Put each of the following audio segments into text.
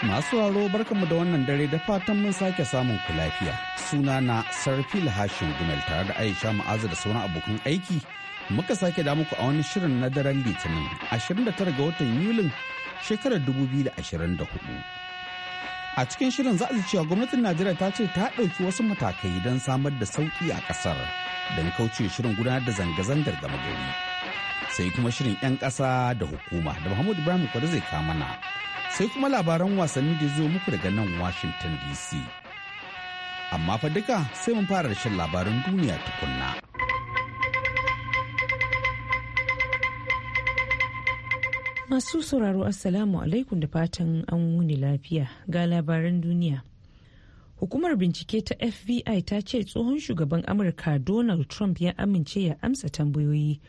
Masu raro barkanmu da wannan dare da fatan mun sake samun ku lafiya. Suna na sarfi lahashin Gumel tare da Aisha Ma'azu da sauran abokan aiki. Muka sake da muku a wani shirin na daren Litinin 29 ga watan Yulin shekarar 2024. A cikin shirin za a ji cewa gwamnatin Najeriya ta ce ta ɗauki wasu matakai don samar da sauƙi a ƙasar don kauce shirin gudanar da zanga-zangar gama gari. Sai kuma shirin 'yan ƙasa da hukuma da Muhammadu Ibrahim Kwari zai kama na. sai kuma labaran wasanni da zo muku daga nan Washington DC. Amma fa duka sai mun fara da shan labaran duniya tukunna. Masu sauraro Assalamu alaikum da fatan an wuni lafiya ga labaran duniya. Hukumar bincike ta FBI ta ce tsohon shugaban Amurka Donald Trump ya amince ya amsa tambayoyi.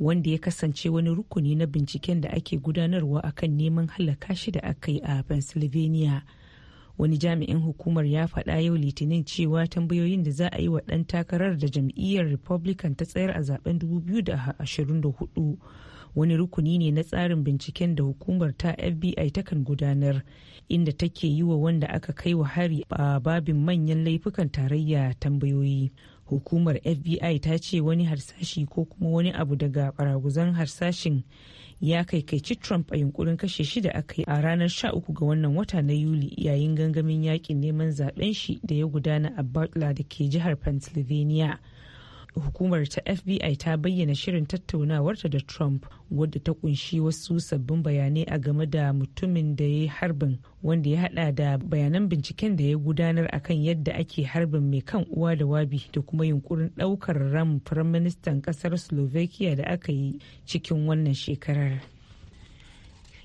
wanda ya kasance wani rukuni na binciken da ake gudanarwa a kan neman halaka shi da aka yi a pennsylvania wani jami'in hukumar ya faɗa yau litinin cewa tambayoyin da za a yi wa ɗan takarar da jam'iyyar republican ta tsayar a zaben 2024 wani rukuni ne na tsarin binciken da hukumar ta fbi takan gudanar inda take yi wa wanda aka kai wa hari a babin manyan laifukan tarayya tambayoyi hukumar fbi ta ce wani harsashi ko kuma wani abu daga baraguzan harsashin ya kaikaici trump a yunkurin kashe shi da aka yi a ranar 13 ga wannan wata na yuli yayin gangamin yakin neman zaben shi da ya gudana a butler da ke jihar pennsylvania hukumar ta fbi ta bayyana shirin tattaunawarta da trump wadda ta kunshi wasu sabbin bayanai a game da mutumin da ya harbin wanda ya hada da bayanan binciken da ya gudanar akan yadda ake harbin mai kan uwa da wabi da kuma yunkurin daukar ram firaministan kasar slovakia da aka yi cikin wannan shekarar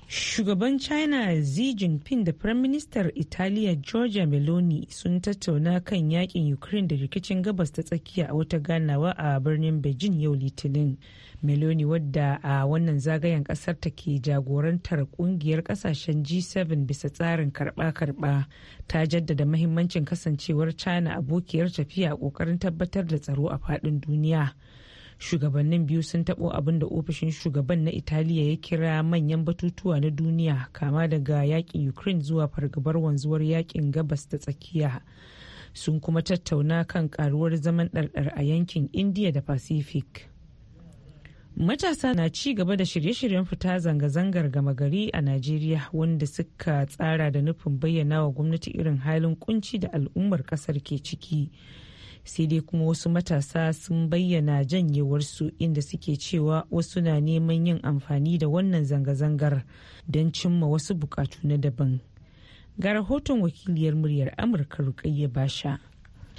Shugaban China Xi Jinping da Firaministar Italiya Giorgia Meloni sun tattauna kan yakin Ukraine da rikicin gabas ta tsakiya a wata ganawa a birnin Beijing yau Litinin. Meloni wadda a wannan zagayen kasar ta ke jagorantar kungiyar kasashen G7 bisa tsarin karba-karba ta jaddada mahimmancin kasancewar China abokiyar tafiya a kokarin tabbatar da tsaro a faɗin duniya. shugabannin biyu sun tabo abin da ofishin shugaban na italiya ya kira manyan batutuwa na duniya kama daga yakin ukraine zuwa fargabar wanzuwar yakin gabas da tsakiya sun kuma tattauna kan karuwar zaman ɗarɗar a yankin india da pacific matasa na ci gaba da shirye-shiryen fita zanga-zangar gama gari a najeriya wanda suka tsara da nufin bayyana wa gwamnati irin halin kunci da al'ummar kasar ke ciki. sai dai kuma wasu matasa sun bayyana janyewarsu inda suke cewa wasu na neman yin amfani da wannan zanga-zangar don cimma wasu bukatu na daban ga rahoton wakiliyar muryar amurka rukayya basha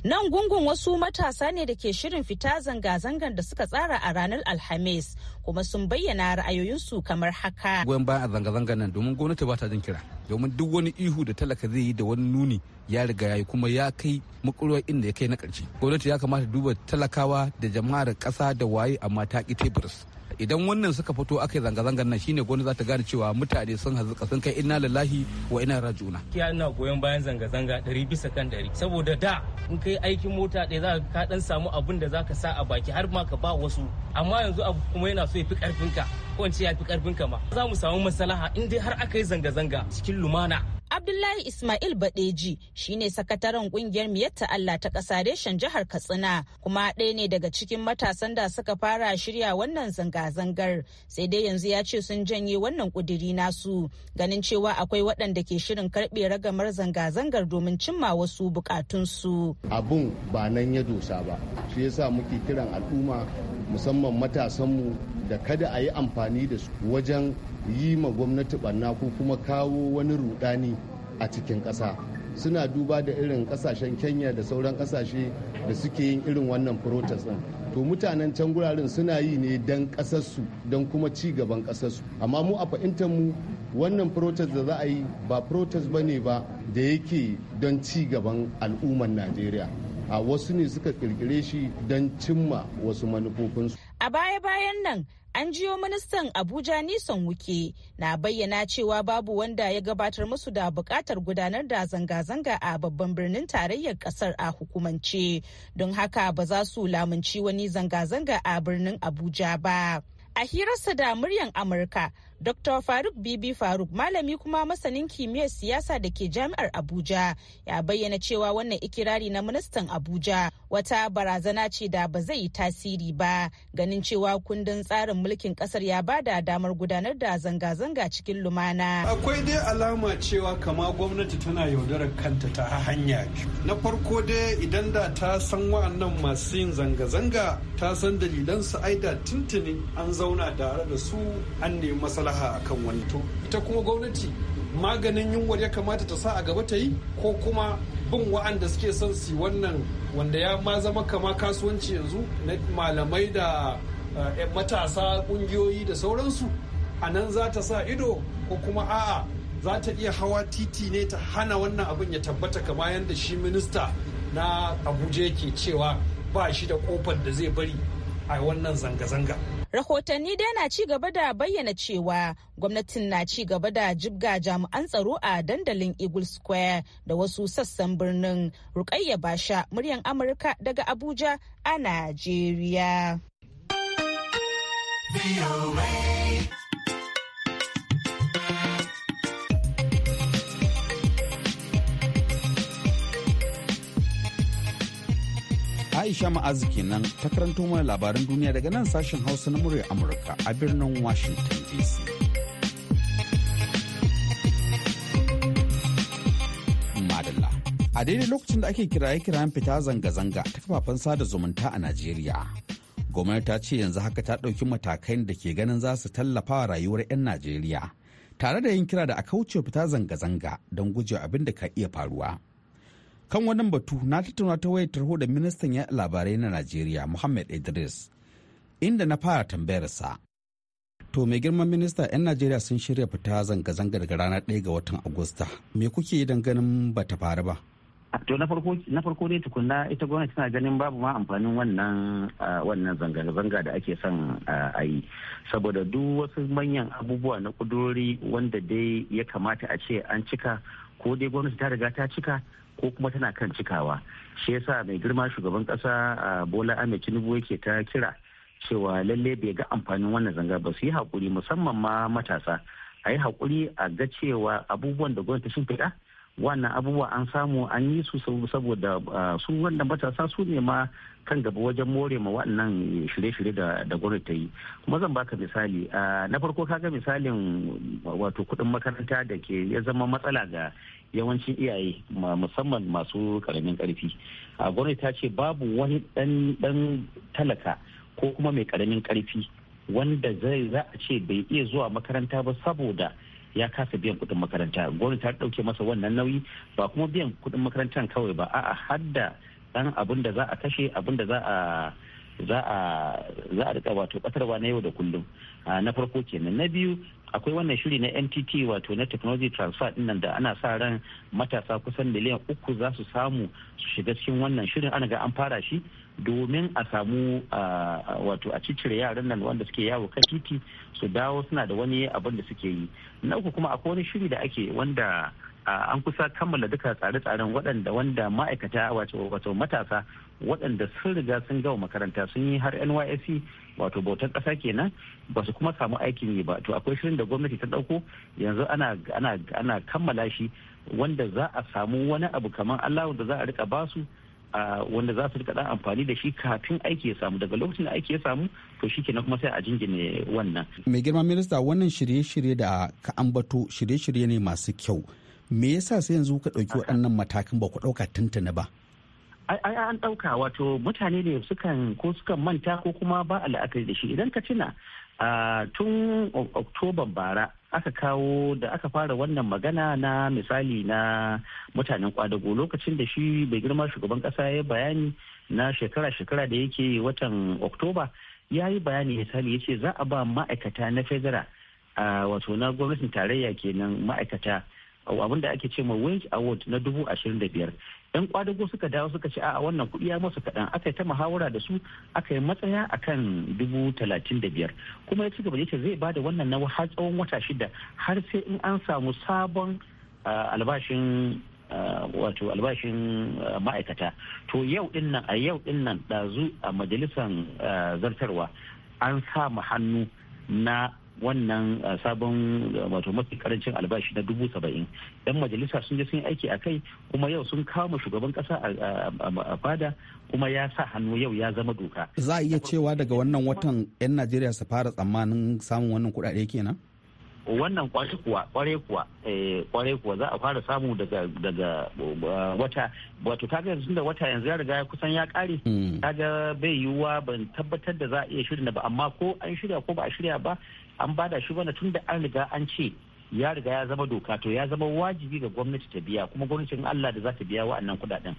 Nan gungun wasu matasa ne da ke shirin fita zanga-zangar da suka tsara a ranar Alhamis kuma sun bayyana ra'ayoyinsu kamar haka. Goyon bayan a zanga-zangar nan domin gwamnati ba ta jin kira domin duk wani ihu da talaka zai yi da wani nuni ya riga ya yi kuma ya kai makurwa inda ya kai na ƙarshe. Gwamnati ya kamata duba talakawa da jama'ar ƙasa da waye amma ta ƙi teburis. idan wannan suka fito aka yi zanga-zangar nan shine gwani za ta gane cewa mutane sun hazuka sun kai ina lillahi wa ina rajuna. kiya ina goyon bayan zanga-zanga ɗari bisa kan ɗari saboda da in kai aikin mota ɗaya za ka dan samu abun da za ka sa a baki har ma ka ba wasu amma yanzu abu kuma yana so ya fi ƙarfinka ko in ya fi ƙarfinka ma za mu samu masalaha in dai har aka yi zanga-zanga cikin lumana Abdullahi Ismail Badeji shine sakataren kungiyar Miyatta Allah ta kasa reshen jihar Katsina kuma ɗaya ne daga cikin matasan da suka fara shirya wannan zanga-zangar sai dai yanzu ya ce sun janye wannan ƙudiri nasu ganin cewa akwai waɗanda ke shirin karɓe ragamar zanga-zangar domin cimma wasu su. Abun ba nan ya dosa ba shi yasa muke kiran al'umma musamman matasanmu da kada a yi amfani da su wajen yi ma gwamnati barna ko kuma kawo wani rudani a cikin ƙasa suna duba da irin ƙasashen kenya da sauran ƙasashe da suke yin irin wannan protest din to mutanen can guraren suna yi ne don ƙasarsu don kuma ci gaban ƙasarsu amma mu a fahimtar mu wannan protest da za a yi ba protest ba ne ba da yake don ci gaban al'ummar najeriya a wasu ne suka kirkire shi don cimma wasu manufofinsu a baya-bayan nan An jiyo ministan Abuja Nisan Wuke na bayyana cewa babu wanda ya gabatar musu da bukatar gudanar da zanga-zanga a babban birnin tarayyar kasar a hukumance, don haka ba za su lamunci wani zanga-zanga a birnin Abuja ba. A hirarsa da muryan Amurka, Dr. Faruk Bibi Faruk malami kuma masanin kimiyyar siyasa da ke jami'ar Abuja ya bayyana cewa wannan ikirari na ministan Abuja wata barazana ce da ba zai yi tasiri ba ganin cewa kundin tsarin mulkin kasar ya bada damar gudanar da zanga-zanga cikin lumana. Akwai dai alama cewa kama gwamnati tana yaudarar kanta ta hanya Na farko dai idan da ta san wa'annan masu yin zanga-zanga ta san dalilan su aida tuntuni an zauna tare da su an nemi masala maslaha kan wani to ita kuma gwamnati maganin yunwar ya kamata ta sa a gaba ta yi ko kuma bin wa'anda suke son su wannan wanda ya ma zama kama kasuwanci yanzu na malamai da eh, matasa kungiyoyi da sauransu a nan za ta sa ido ko kuma a'a za ta iya hawa titi ne ta hana wannan abin ya tabbata kama yadda shi minista na abuja yake cewa ba shi da kofar da zai bari a wannan zanga-zanga. Rahotanni dai na ci gaba da bayyana cewa gwamnatin na ci gaba da jibga jami'an tsaro a dandalin Eagle Square da wasu sassan birnin Rukayya Basha muryan Amurka daga Abuja a Najeriya. Aisha Ma'azu kenan ta karanto mana labaran duniya daga nan sashen Hausa na murya Amurka a birnin Washington DC. Madalla. A daidai lokacin da ake kiraye-kirayen fita zanga-zanga ta kafafen sada zumunta a Najeriya. Gwamnati ta ce yanzu haka ta ɗauki matakan da ke ganin za su tallafa rayuwar 'yan Najeriya. Tare da yin kira da aka kauce fita zanga-zanga don gujewa abin da ka iya faruwa. kan wannan batu na tattauna ta wayar tarho da ministan ya labarai na najeriya muhammad idris inda na fara tambayarsa to mai girman minista 'yan najeriya sun shirya fita zanga-zanga daga ranar 1 ga watan agusta me kuke yi ganin ba ta faru ba to na farko dai tukunna ita gwamnati tana ganin babu ma amfanin wannan wannan zanga-zanga da ake son a yi saboda duk wasu manyan abubuwa na kudurori wanda dai ya kamata a ce an cika ko dai gwamnati ta riga ta cika ko kuma tana kan cikawa shi yasa mai girma shugaban kasa bola ahmed tinubu yake ta kira cewa lalle bai ga amfanin wannan zanga ba su yi hakuri musamman ma matasa a yi hakuri a ga cewa abubuwan da gwamnati sun fita wannan abubuwa an samu an yi su saboda su wannan matasa su ne ma kan gaba wajen more ma wannan shirye-shirye da gwamnati ta yi kuma zan baka misali na farko kaga misalin wato kudin makaranta da ke ya zama matsala ga yawancin iyaye musamman masu karamin karfi a gwamnati ta ce babu wani dan talaka ko kuma mai karamin karfi wanda zai za a ce bai iya zuwa makaranta ba saboda ya kasa biyan kudin makaranta gwamnati ta dauke masa wannan nauyi ba kuma biyan kudin makarantar kawai ba a'a hadda dan abin da za a kashe abin da za a za a rika wato batarwa na yau da kullum ah, na farko kenan na biyu akwai wannan shiri na ntt wato na technology transfer dinnan da ana sa ran matasa kusan miliyan uku za su samu su shiga cikin wannan shirin ana ga an fara shi domin a samu ah, ah, wato a cicire yaran nan wanda suke yawo kan titi su dawo suna da wani abin da suke yi na uku kuma akwai wani shiri da ake wanda an kusa kammala duka tsare-tsaren waɗanda wanda ma'aikata wato matasa waɗanda sun riga sun gama makaranta sun yi har nysc wato bautar ƙasa kenan ba su kuma samu aikin yi ba to akwai shirin da gwamnati ta ɗauko yanzu ana kammala shi wanda za a samu wani abu kamar allah da za a rika basu wanda za su rika dan amfani da shi kafin aiki ya samu daga lokacin da aiki ya samu to shi kenan kuma sai a jingine wannan. mai girma minista wannan shirye-shirye da ka ambato shirye-shirye ne masu kyau me yasa sai yanzu ka ɗauki waɗannan matakan ba ku ɗauka tuntuna ba. an ɗauka wato mutane ne sukan ko sukan manta ko kuma ba a la'akari da shi idan ka tuna tun oktoban bara aka kawo da aka fara wannan magana na misali na mutanen kwadago lokacin da shi bai girma shugaban kasa ya bayani na shekara-shekara da yake watan oktoba ya yi bayani misali ya ce za a ba ma'aikata na federa wato na gwamnatin tarayya kenan ma'aikata abin da ake ce ma wage award na dubu ashirin da biyar yan kwadago suka dawo suka ce a wannan kuɗi ya masu kaɗan aka yi ta muhawara da su aka yi matsaya a kan dubu talatin da biyar kuma ya ci gaba ce zai bada wannan na har tsawon wata shida har sai in an samu sabon ah, albashin ah, wato albashin ah, ma'aikata to yau din a yau din nan ɗazu a majalisar zartarwa an sa hannu na wannan uh, sabon uh, wato mafi karancin albashi na dubu saba'in yan majalisa sun je sun aiki a kai kuma yau sun kama shugaban kasa a fada kuma ya sa hannu yau ya zama doka za a iya cewa daga wannan watan yan najeriya su fara tsammanin samun wannan kuɗaɗe kenan wannan kwashi kuwa kware kuwa eh, kware kuwa za a fara samu daga daga uh, wata wato kaga yanzu da wata yanzu ya riga ya kusan ya kare kaga hmm. bai yiwuwa ban tabbatar da za a iya shirya ba amma ko an shirya ko ba a shirya ba an bada shi bana tun da an riga an ce ya riga ya zama doka to ya zama wajibi ga gwamnati ta biya kuma gwamnatin Allah da za ta biya wa'annan kudaden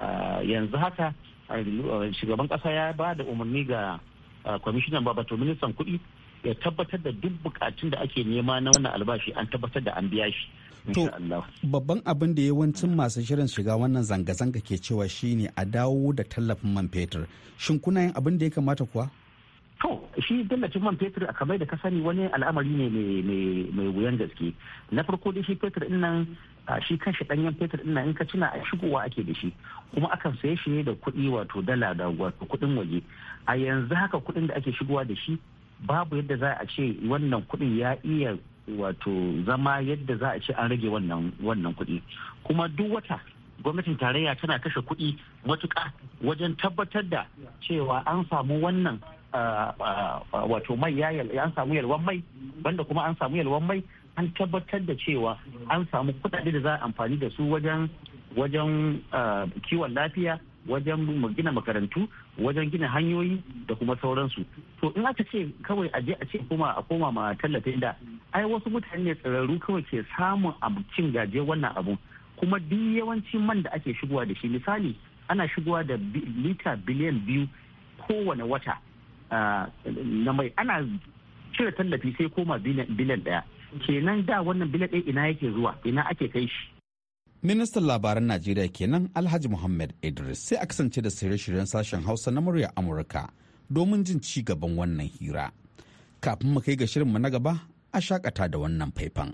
ah, yanzu haka ah, shugaban kasa ya ba da umarni ga ah, kwamishinan babato ministan kuɗi ya tabbatar da duk bukatun da ake nema na wannan albashi an tabbatar da an biya shi To, babban abin da yawancin masu shirin shiga wannan zanga-zanga ke cewa shi ne a dawo da tallafin man fetur. Shin kuna yin abin da ya kamata kuwa? To shi dallacin man fetur a kamar da ka sani wani al'amari ne mai wuyan gaske. Na farko dai shi fetur din nan shi kanshi danyen fetur din nan in ka cina a shigowa ake da shi kuma akan saye shi ne da kuɗi wato dala da wato kuɗin waje. A yanzu haka kuɗin da ake shigowa da shi babu yadda za a ce wannan kuɗin ya iya wato zama yadda za a ce an rage wannan wannan kuɗi. Kuma duk wata gwamnatin tarayya tana kashe kuɗi matuƙa wajen tabbatar da cewa an samu wannan wato mai ya an samu yalwan mai banda kuma an samu yalwan mai an tabbatar da cewa an samu kudade da za a amfani da su wajen wajen kiwon lafiya wajen gina makarantu wajen gina hanyoyi da kuma sauransu to in aka ce kawai a je a ce kuma a koma ma tallafin da ai wasu mutane tsararru kawai ke samun abincin gaje wannan abu kuma duk yawancin man da ake shigowa da shi misali ana shigowa da lita biliyan biyu kowane wata na mai ana cire tallafi sai koma biliyan ɗaya kenan da wannan biliyan ɗaya ina yake zuwa ina ake kai shi ministan labaran najeriya kenan alhaji muhammad idris sai a kasance da shirye-shiryen sashen hausa na murya amurka domin jin ci gaban wannan hira kafin mu kai ga shirinmu na gaba a shakata da wannan faifan.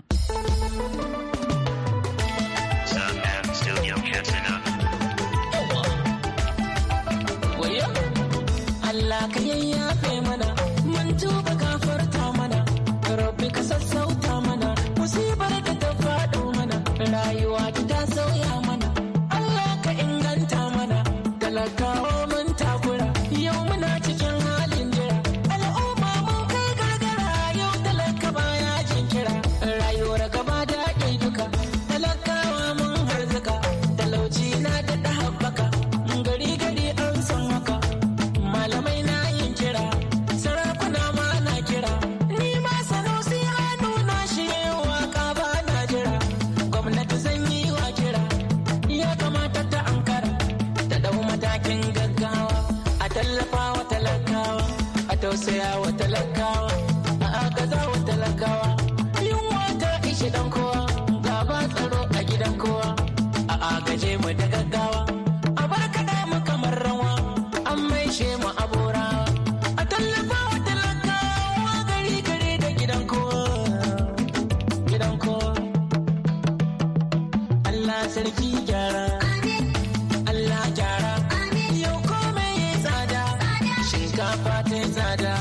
shinkafa ta tsada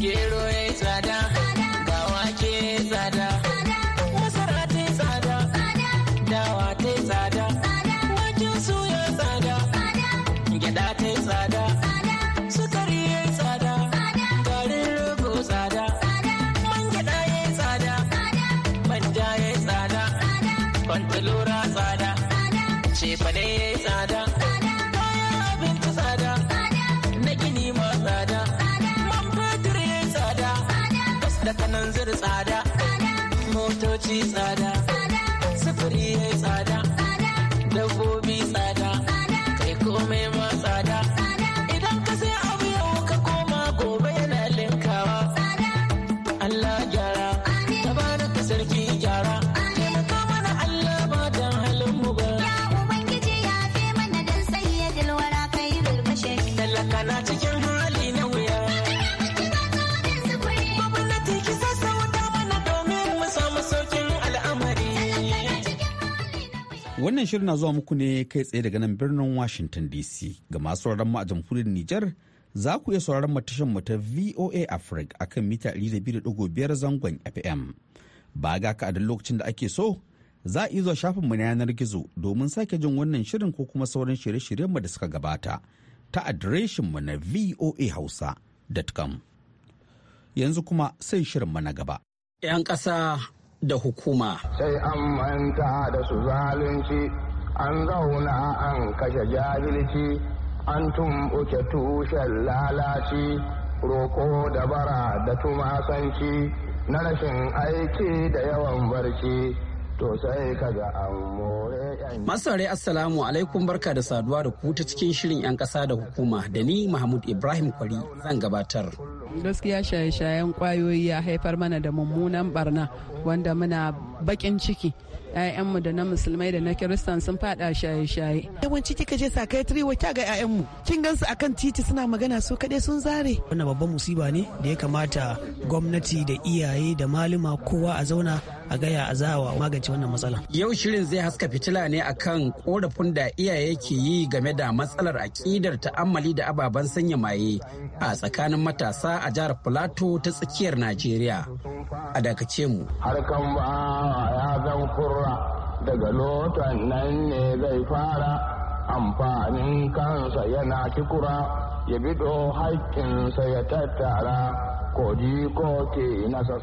gero ya tsada ga wake tsada da kanan tsada motoci tsada sufuri ya yi tsada Wannan shirin na zuwa muku ne kai tsaye daga nan birnin Washington DC. Ga masu sauraron mu a jamhuriyar Nijar, za ku iya sauraron mu tashar mu ta VOA Africa akan mita 200.5 zangon FM. Ba ga ka a lokacin da ake so, za a yi zuwa shafin mu na yanar gizo domin sake jin wannan shirin ko kuma sauran shirye-shiryen mu da suka gabata ta adireshin mu na voahausa.com. Yanzu kuma sai shirin mu na gaba. 'Yan ƙasa da hukuma. Sai an manta da su zalunci, an zauna an kashe jahilci, an tumɓuke tushen lalaci, roko da bara da tumasanci, na rashin aiki da yawan barci. to Masarai Assalamu alaikum barka da saduwa da ku ta cikin shirin 'yan ƙasa da hukuma da ni Mahmud Ibrahim Kwari zan gabatar. Gaskiya shaye-shayen kwayoyi ya haifar mana da mummunan barna wanda muna bakin ciki ‘ya'yanmu da na musulmai da na kiristan sun fada shaye-shaye. Yawanci kika je sakayatri wa ga ‘ya'yanmu kin gansu akan titi suna magana su kaɗai sun zare. Wannan babban musiba ne da ya kamata gwamnati da iyaye da malama kowa a zauna a gaya a zawa magance wannan matsala. Yau shirin zai haska fitila ne akan korafin da iyaye ke yi game da matsalar aƙidar ta'ammali da ababen sanya maye a tsakanin matasa a jihar Filato ta tsakiyar Najeriya. A dakace mu. Harkan bawa ya zan kurra daga lotan nan ne zai fara amfanin kansa yana kikura ya bido haƙƙinsa ya tattara ke nasa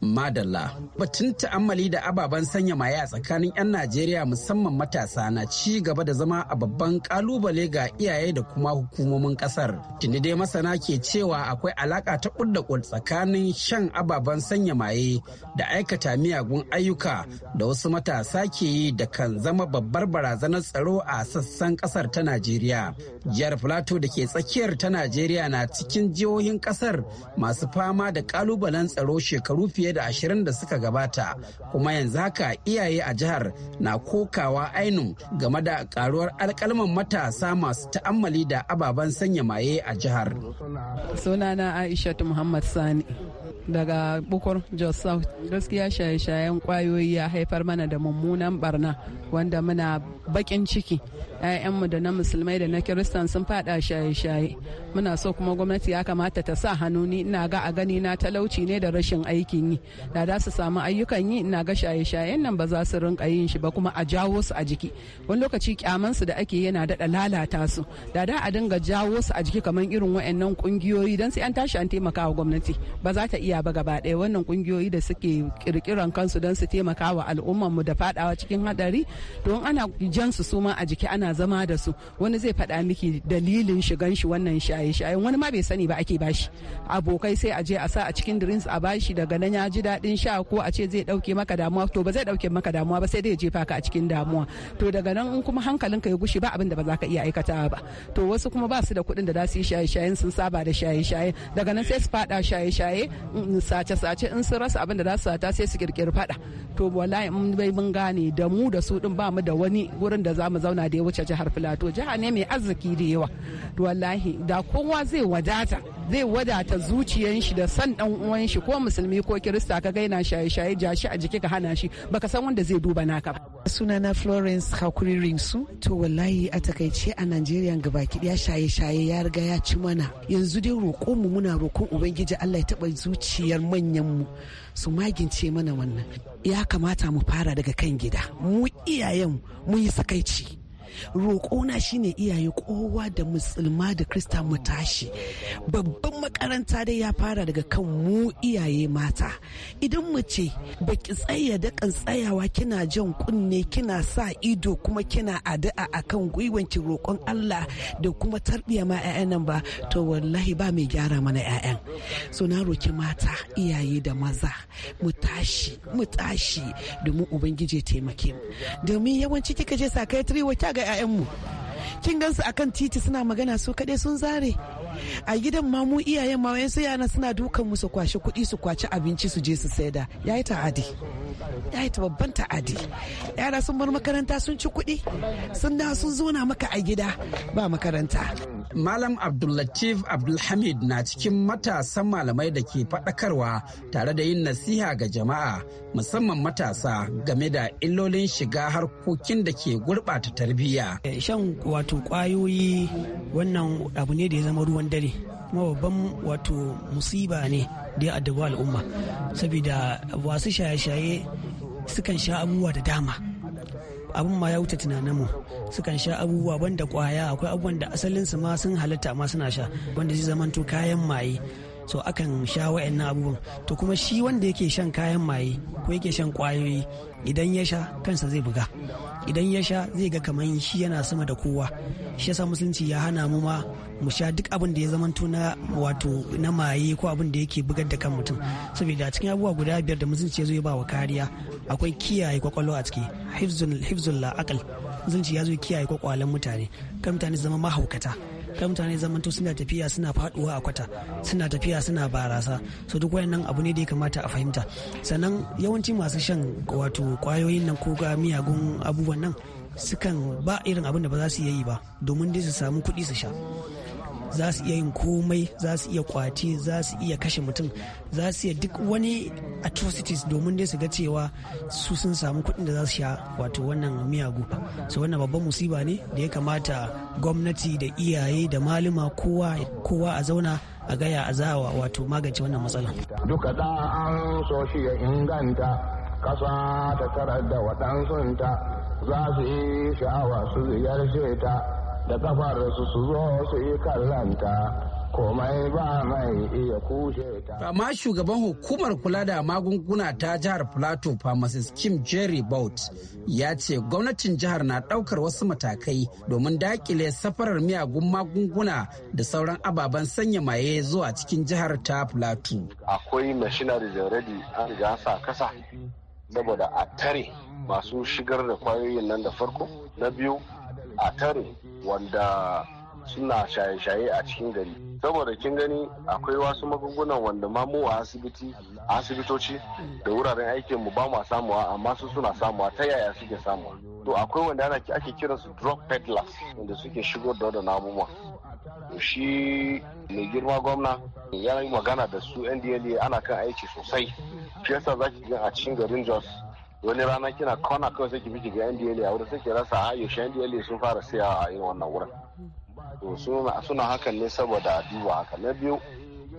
Madalla, batun ta'ammali da ababen sanya maye a tsakanin 'yan Najeriya musamman matasa na ci gaba da zama a babban kalubale ga iyaye da kuma hukumomin kasar. Tuni dai masana ke cewa akwai alaka ta kudda tsakanin shan ababen sanya maye da aikata miyagun ayyuka da wasu matasa ke yi da kan zama babbar barazanar tsaro a sassan kasar ta Najeriya. Jihar Filato da ke tsakiyar ta Najeriya na cikin jihohin kasar masu fama da kalubalen tsaro shekaru fiye da ashirin da suka gabata. Kuma yanzu haka iyaye a jihar na kokawa ainun game da karuwar alkalman matasa masu ta'ammali da ababen sanya maye a jihar. Sunana Aisha Muhammad Sani. daga bukur jos south gaskiya shaye-shayen kwayoyi ya haifar mana da mummunan barna wanda muna bakin ciki 'ya'yanmu da na musulmai da na kiristan sun fada shaye-shaye muna so kuma gwamnati ya kamata ta sa hannu ni ina ga a gani na talauci ne da rashin aikin yi da za su samu ayyukan yi ina ga shaye-shayen nan ba za su rinka yin shi ba kuma a jawo su a jiki wani lokaci kyaman su da ake yana daɗa lalata su da da a dinga jawo su a jiki kamar irin waɗannan kungiyoyi don sai an tashi an taimaka wa gwamnati ba za ta iya ba gaba ɗaya wannan kungiyoyi da suke kirkiran kansu don su taimaka wa al'ummar mu da fadawa cikin hadari don ana jan su suma a jiki ana zama da su wani zai faɗa miki dalilin shigan shi wannan shaye a yi shi ai wani ma bai sani ba ake bashi abokai sai a je a sa a cikin drinks a bashi daga nan ya ji daɗin sha ko a ce zai ɗauke maka damuwa to ba zai ɗauke maka damuwa ba sai dai ya jefa ka a cikin damuwa to daga nan in kuma hankalinka ya gushi ba abin da ba za ka iya aikatawa ba to wasu kuma ba su da kuɗin da za su yi shaye-shayen sun saba da shaye-shaye daga nan sai su faɗa shaye-shaye mm, sace-sace in su rasa abin da za su sata sai su kirkiri faɗa to wallahi in bai mun gane da mu da su din ba mu da wani gurin da za mu zauna da ya wuce jihar filato jiha ne mai arziki da yawa to wallahi da kowa zai wadata zai wadata zuciyan shi da san dan uwan shi ko musulmi ko kirista ka gaina shaye shaye ja shi a jiki ka hana shi baka san wanda zai duba naka ba sunana Florence Hakuri Rinsu to wallahi a takaice a Najeriya gabaki daya shaye shaye ya riga ya ci mana yanzu dai roƙo mu muna roƙon ubangiji Allah ya taba zuciyar manyan mu su magince mana wannan ya kamata mu fara daga kan gida mu iyayen mu yi sakaici roƙona shine iyaye kowa da musulma da krista mu tashi babban makaranta dai ya fara daga kan mu iyaye mata idan mace baki tsaya da kan tsayawa kina jan kunne kina sa ido kuma kina addu'a akan ki roƙon Allah da kuma tarbiya ma ƴaƴan nan ba to wallahi ba mai gyara mana ƴaƴan so na roki mata iyaye da maza mu tashi mu tashi domin ubangiji ya taimake mu domin yawanci kika je sakayatri wata ga É, é um kin gan su akan titi suna magana su kaɗai sun zare a gidan ma mu iyayen ma wayansu yana suna dukan mu su kwashi kuɗi su kwaci abinci su je su saida yayi ta'adi yayi ta babban ta'adi yara sun bar makaranta sun ci kuɗi sun da sun zona maka a gida ba makaranta Malam Abdullatif Abdulhamid na cikin matasan malamai da ke faɗakarwa tare da yin nasiha ga jama'a musamman matasa game da illolin shiga harkokin da ke gurɓata tarbiyya. Eh, wato kwayoyi wannan abu ne da ya zama ruwan dare kuma babban wato musiba ne da ya addabi al'umma saboda wasu shaye-shaye sukan sha abubuwa da dama abin ma ya wuce mu sukan sha abubuwa banda kwaya akwai abubuwan da asalin su ma sun halitta ma suna sha wanda zai zamanto kayan maye so akan sha wa'annan abubuwan to kuma shi wanda yake shan kayan maye ko yake shan kwayoyi idan ya sha kansa zai buga idan ya sha zai ga kamar shi yana sama da kowa shi yasa musulunci ya hana mu ma mu sha duk abin da ya zama na wato na maye ko abin da yake bugar da kan mutum saboda cikin abubuwa guda biyar da musulunci ya zo ya bawa kariya akwai kiyaye kwakwalwa a ciki hifzul hifzul la musulunci ya zo kiyaye kwakwalen mutane kan mutane su zama mahaukata kai mutane zamanto suna tafiya suna faduwa a kwata suna tafiya suna barasa so duk wayannan abu ne da ya kamata a fahimta sannan yawanci masu shan wato kwayoyin nan ko ga miyagun abubuwan nan sukan ba irin abin da ba za su yi ba domin dai su samu kuɗi su sha za su iya yin komai za su iya kwace za su iya kashe mutum za su iya duk wani atrocities domin dai su ga cewa su sun samu kuɗin da za su sha wato wannan miyagu so wannan babban musiba ne da ya kamata gwamnati da iyaye da malama kowa a zauna a gaya a zawa wato magance wannan matsala. Duka da an so shi ya inganta kasa ta tarar da waɗansunta za su yi sha'awa su ziyarce ta da kafarsu su zo su yi kallanta komai ba mai iya kushe ta. Amma shugaban hukumar kula da magunguna ta jihar Plateau pharmacist Kim Jerry Bout ya ce gwamnatin jihar na daukar wasu matakai domin dakile safarar miyagun magunguna da sauran ababen sanya maye zuwa cikin jihar ta Plateau. Akwai machinery ready an riga sa kasa saboda a tare masu shigar da kwayoyin nan da farko na biyu a tare wanda suna shaye-shaye a cikin gari saboda kin gani akwai wasu magungunan wanda ma mu a asibiti asibitoci da wuraren aikin mu ba mu samuwa amma su suna samuwa ta yaya suke samuwa to akwai wanda ana ake kiransu drug peddlers wanda suke shigo da wadannan abubuwa shi mai girma gwamna ya yi magana da su ndla ana kan aiki sosai shi yasa zaki ga a cikin garin jos wani rana kina kona kawai sai ki bi ga NDLA a wurin sai ki rasa a yaushe NDLA sun fara siya a irin wannan wurin to suna hakan ne saboda duba haka na biyu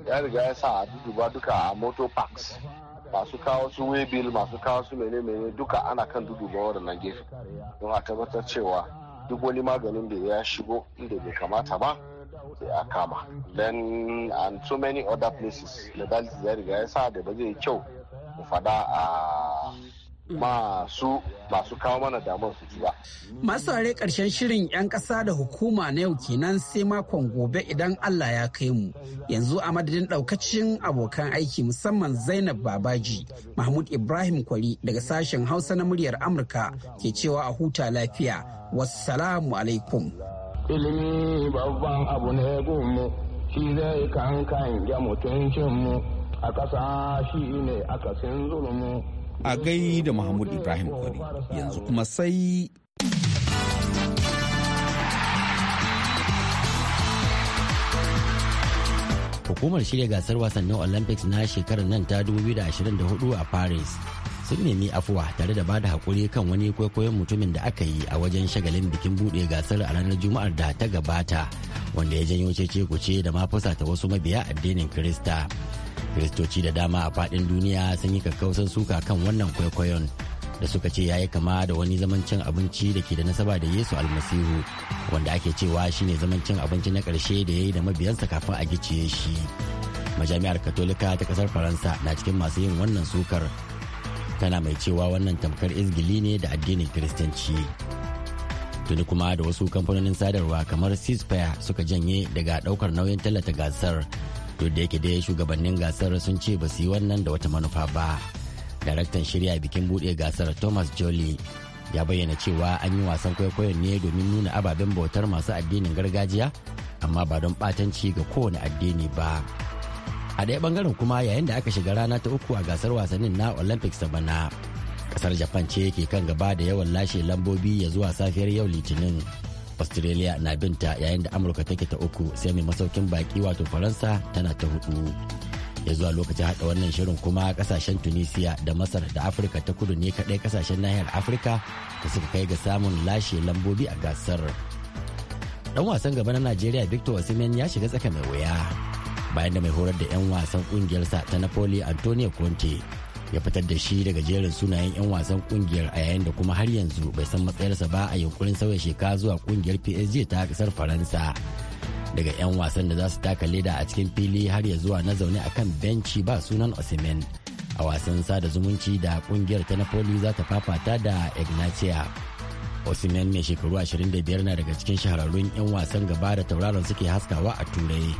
ya riga ya sa a duba duka a moto parks masu kawo su webil masu kawo su mene-mene duka ana kan duduba waɗannan gefe don a tabbatar cewa duk wani maganin da ya shigo inda bai kamata ba sai a kama then and so many other places legalities ya riga ya sa da ba zai kyau mu fada a Mm. masu masu kawo mana damar su ci ba. Masu saurare karshen shirin 'yan ƙasa da hukuma na yau kenan sai makon gobe idan Allah ya kai mu. Yanzu a madadin ɗaukacin abokan aiki musamman Zainab Babaji, Mahmud Ibrahim Kwari daga sashen Hausa na muryar Amurka ke cewa a huta lafiya. Wassalamu alaikum. Ilimi babban abu ne gumu, shi zai kankan ya mutuncinmu, a ƙasa shi ne akasin zulumu. a gai da Mahmud Ibrahim Kwari yanzu kuma sai Hukumar shirya gasar wasannin Olympics na shekarar nan ta 2024 a Paris sun nemi afuwa tare da bada hakuri kan wani kwaikwayon mutumin da aka yi a wajen shagalin bikin bude gasar a ranar Juma'ar da ta gabata wanda ya janyo cece ce da ma fusata wasu mabiya addinin Kirista. kiristoci da dama a faɗin duniya sun yi kakkausan suka kan wannan kwaikwayon da suka ce ya yi kama da wani zaman cin abinci da ke da nasaba da yesu almasihu wanda ake cewa shine zaman cin abinci na karshe da ya yi da mabiyansa kafin a gicciye shi majami'ar katolika ta kasar faransa na cikin masu yin wannan sukar tana mai cewa wannan tamkar izgili ne da addinin kiristanci tuni kuma da wasu kamfanonin sadarwa kamar ceasefire suka janye daga daukar nauyin tallata gasar duk da yake dai shugabannin gasar sun ce ba su yi wannan da wata manufa ba daraktan shirya bikin buɗe gasar thomas jolly ya bayyana cewa an yi wasan kwaikwayon ne domin nuna ababen bautar masu addinin gargajiya amma ba don ɓatanci ga kowane addini ba a ɗaya ɓangaren kuma yayin da aka shiga rana ta uku a gasar wasannin na olympics ta bana kasar japan ce ke kan gaba da yawan lashe lambobi ya zuwa safiyar yau litinin australia na binta yayin da amurka take ta uku sai mai masaukin baki wato faransa tana ta hudu ya zuwa lokacin haɗa wannan shirin kuma kasashen tunisia da masar da afirka ta kudu ne kaɗai kasashen nahiyar afirka da suka kai ga samun lashe lambobi a gasar dan wasan gaba na najeriya victor osimhen ya shiga tsaka mai wuya bayan da mai horar da 'yan wasan ƙungiyarsa ta napoli antonio conte ya fitar da shi daga jerin sunayen 'yan wasan kungiyar a yayin da kuma har yanzu bai san matsayarsa ba a yunkurin sauya sheka zuwa kungiyar psg ta kasar faransa daga 'yan wasan da za su taka leda a cikin fili har ya zuwa na zaune akan benci ba sunan osimhen a wasan sada zumunci da kungiyar ta napoli za ta fafata da ignatia osimhen mai shekaru 25 na daga cikin shahararrun 'yan wasan gaba da tauraron suke haskawa a turai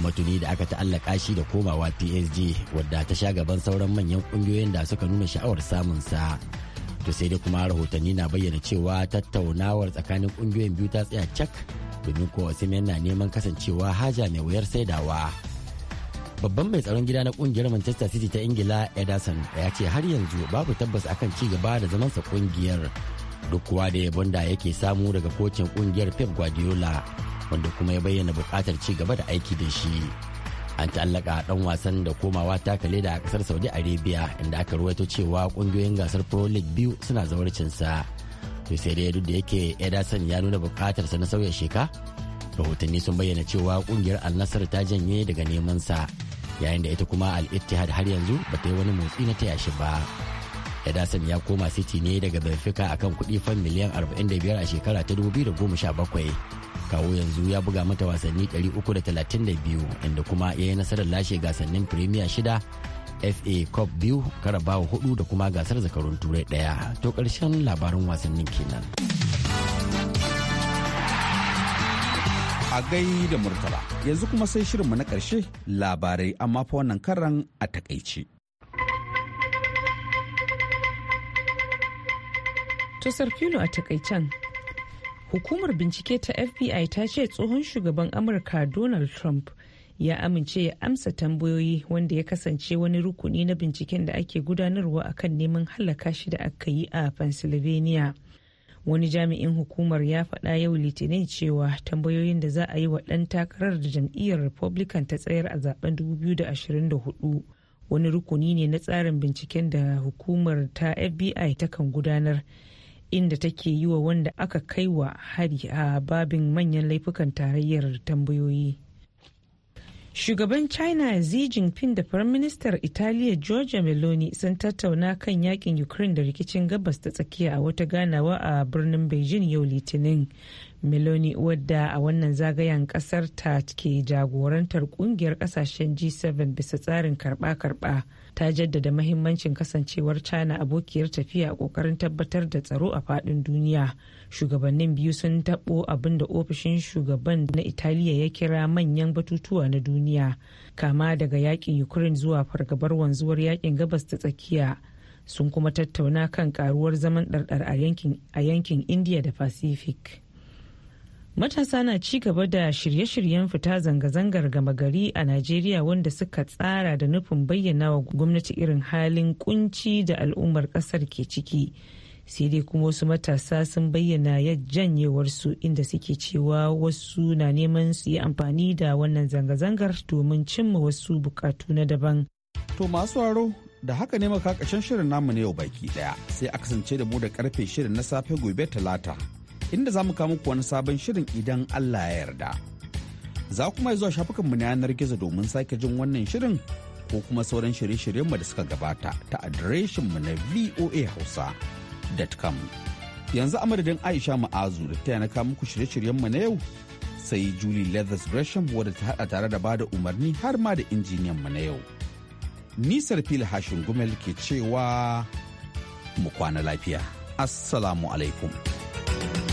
Matuni da aka ta'allaka shi da komawa PSG wadda ta sha gaban sauran manyan kungiyoyin da suka nuna sha'awar samun sa. To sai dai kuma rahotanni na bayyana cewa tattaunawar tsakanin kungiyoyin biyu ta tsaya cak domin kowa sai na neman kasancewa haja mai wayar saidawa. Babban mai tsaron gida na kungiyar Manchester City ta Ingila Ederson ya ce har yanzu babu tabbas akan ci gaba da zaman sa kungiyar duk kuwa da yabon da yake samu daga kocin kungiyar Pep Guardiola wanda kuma ya bayyana buƙatar ci gaba da aiki da shi an ta'allaka dan wasan da komawa takale da a kasar saudi arabia inda aka ruwaito cewa ƙungiyoyin gasar pro league biyu suna zawarcinsa to sai dai duk da yake edison ya nuna bukatarsa na sauya sheka rahotanni sun bayyana cewa ƙungiyar al ta janye daga neman sa yayin da ita kuma al-ittihad har yanzu ba ta yi wani motsi na taya shi ba edison ya koma city ne daga benfica akan kuɗi fan miliyan 45 a shekara ta 2017 kawo yanzu ya buga mata wasanni 332 inda kuma ya yi nasarar lashe gasannin premier shida fa cup biyu karabawa hudu da kuma gasar zakarun turai daya to karshen labarin wasannin kenan a gai da murtala yanzu kuma sai shirinmu na karshe labarai amma fa wannan karan a takaice to filo a takaicen hukumar bincike ta fbi ta ce tsohon shugaban amurka donald trump ya amince ya amsa tambayoyi wanda ya kasance wani rukuni na binciken da ake gudanarwa akan neman halaka shi da aka yi a pennsylvania wani jami'in hukumar ya faɗa yau litinin cewa tambayoyin da za a yi wa ɗan takarar da jam'iyyar republican ta tsayar a zaben 2024 wani rukuni ne na tsarin binciken da hukumar ta fbi ta kan gudanar inda take yi wa wanda aka kai wa hari a babin manyan laifukan tarayyar tambayoyi. Shugaban China Xi Jinping da Firaministar Italiya Giorgia Meloni sun tattauna kan yakin Ukraine da rikicin gabas ta tsakiya a wata ganawa a birnin Beijing yau Litinin. Meloni wadda a wannan zagayen kasar ta ke jagorantar kungiyar kasashen G7 bisa tsarin karba-karba. ta jaddada mahimmancin kasancewar china abokiyar tafiya a kokarin tabbatar da tsaro a fadin duniya shugabannin biyu sun tabo abin da ofishin shugaban na italiya ya kira manyan batutuwa na duniya kama daga yakin ukraine zuwa fargabar wanzuwar yakin gabas ta tsakiya sun kuma tattauna kan karuwar zaman dardar a yankin india da pacific matasa na ci gaba da shirye-shiryen fita zanga-zangar gama gari a najeriya wanda suka tsara da nufin bayyana wa gwamnati irin halin kunci da al'ummar kasar ke ciki sai dai kuma wasu matasa sun bayyana ya su inda suke cewa wasu na neman su yi amfani da wannan zanga-zangar domin cimma wasu bukatu na daban to masu aro da haka ne maka shirin namu na yau baki daya sai a kasance da mu da karfe shirin na safe gobe talata inda za mu kawo muku wani sabon shirin idan Allah ya yarda. Za kuma zuwa shafukanmu na yanar gizo domin sake jin wannan shirin ko kuma sauran shirye-shiryenmu da suka gabata ta adireshinmu na voa voahausa.com. Yanzu a madadin Aisha Ma'azu da ta na kama muku shirye-shiryenmu na yau sai Julie Leathers Gresham wadda ta haɗa tare da bada umarni har ma da injiniyanmu na yau. Nisar fili hashin gumel ke cewa mu kwana lafiya. Assalamu alaikum.